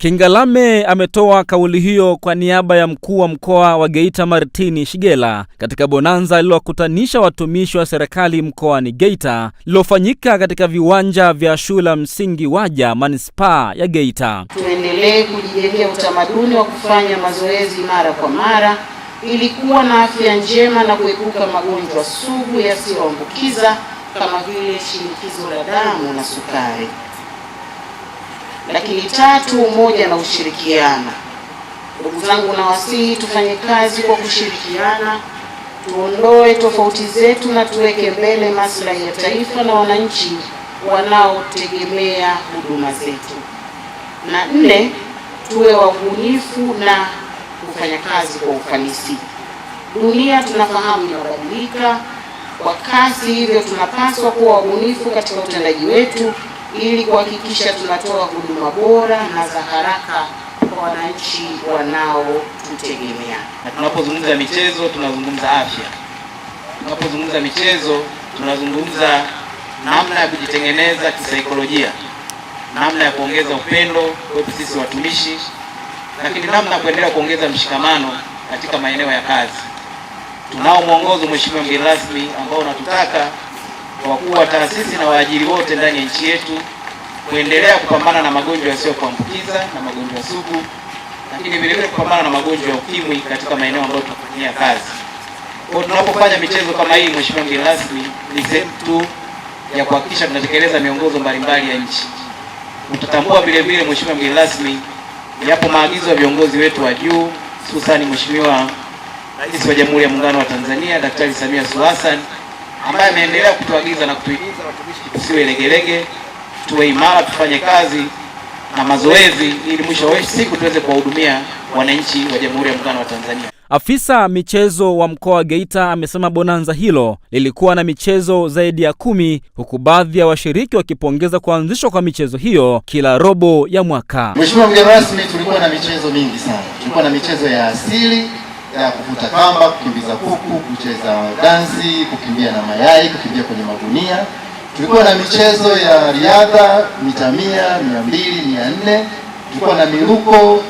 Kingalame ametoa kauli hiyo kwa niaba ya mkuu wa mkoa wa Geita Martini Shigela katika bonanza lililowakutanisha watumishi wa serikali mkoani Geita lilofanyika katika viwanja vya shule msingi Waja manispaa ya Geita. Tuendelee kujijengea utamaduni wa kufanya mazoezi mara kwa mara ili kuwa na afya njema na kuepuka magonjwa sugu yasiyoambukiza kama vile shinikizo la damu na sukari. Lakini tatu, umoja na ushirikiana Ndugu zangu, nawasihi tufanye kazi kwa kushirikiana, tuondoe tofauti zetu na tuweke mbele maslahi ya taifa na wananchi wanaotegemea huduma zetu. Na nne, tuwe wabunifu na kufanya kazi kwa ufanisi. Dunia tunafahamu inabadilika kwa kasi, hivyo tunapaswa kuwa wabunifu katika utendaji wetu ili kuhakikisha tunatoa huduma bora na za haraka kwa wananchi wanaotutegemea. Na tunapozungumza michezo tunazungumza afya, tunapozungumza michezo tunazungumza namna ya kujitengeneza kisaikolojia, namna ya kuongeza upendo kwetu sisi watumishi, lakini namna ya kuendelea kuongeza mshikamano katika maeneo ya kazi. Tunao mwongozo Mheshimiwa mgeni rasmi ambao unatutaka wakuu wa taasisi na waajiri wote ndani ya nchi yetu kuendelea kupambana na magonjwa yasiyokuambukiza na magonjwa sugu, lakini vile vile kupambana na magonjwa ya ukimwi katika maeneo ambayo tunafanyia kazi. Kwa tunapofanya michezo kama hii, Mheshimiwa mgeni rasmi, ni sehemu tu ya kuhakikisha tunatekeleza miongozo mbalimbali ya nchi. Utatambua vile vile, Mheshimiwa mgeni rasmi, yapo maagizo ya viongozi wetu wa juu, hususani Mheshimiwa Rais wa Jamhuri ya Muungano wa Tanzania Daktari Samia Suluhu Hassan ambaye ameendelea kutuagiza na kutuhimiza watumishi tusiwe legelege, tuwe imara, tufanye kazi na mazoezi ili mwisho wa siku tuweze kuwahudumia wananchi wa Jamhuri ya Muungano wa Tanzania. Afisa michezo wa mkoa wa Geita amesema bonanza hilo lilikuwa na michezo zaidi ya kumi huku baadhi ya washiriki wakipongeza kuanzishwa kwa michezo hiyo kila robo ya mwaka. Mheshimiwa mgeni rasmi, tulikuwa na michezo mingi sana, tulikuwa na michezo ya asili ya kuvuta kamba, kukimbiza kuku, kucheza dansi, kukimbia na mayai, kukimbia kwenye magunia. Tulikuwa na michezo ya riadha mita mia, mia mbili, mia nne. Tulikuwa na miruko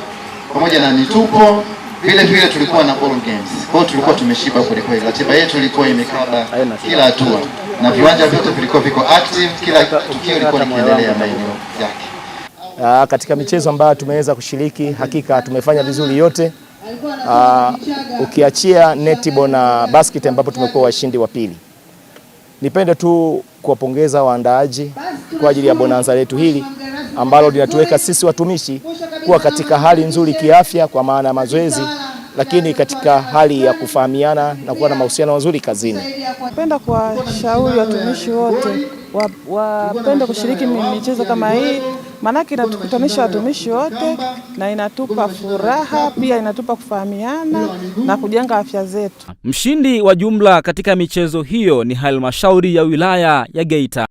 pamoja na mitupo vile vile, tulikuwa na ball games. Kwa hiyo tulikuwa tumeshiba kweli kweli, ratiba yetu ilikuwa imekaba kila hatua, na viwanja vyote vilikuwa viko active, kila tukio lilikuwa likiendelea maeneo yake. Ah, katika michezo ambayo tumeweza kushiriki, hakika tumefanya vizuri yote uh, ukiachia netibo na basket ambapo tumekuwa washindi wa pili. Nipende tu kuwapongeza waandaaji kwa ajili ya bonanza letu hili ambalo linatuweka sisi watumishi kuwa katika hali nzuri kiafya, kwa maana ya mazoezi, lakini katika hali ya kufahamiana na kuwa na mahusiano mazuri kazini. Napenda kuwashauri watumishi wote wapende wa kushiriki michezo kama hii maanake inatukutanisha watumishi wote na inatupa furaha pia, inatupa kufahamiana na kujenga afya zetu. Mshindi wa jumla katika michezo hiyo ni halmashauri ya wilaya ya Geita.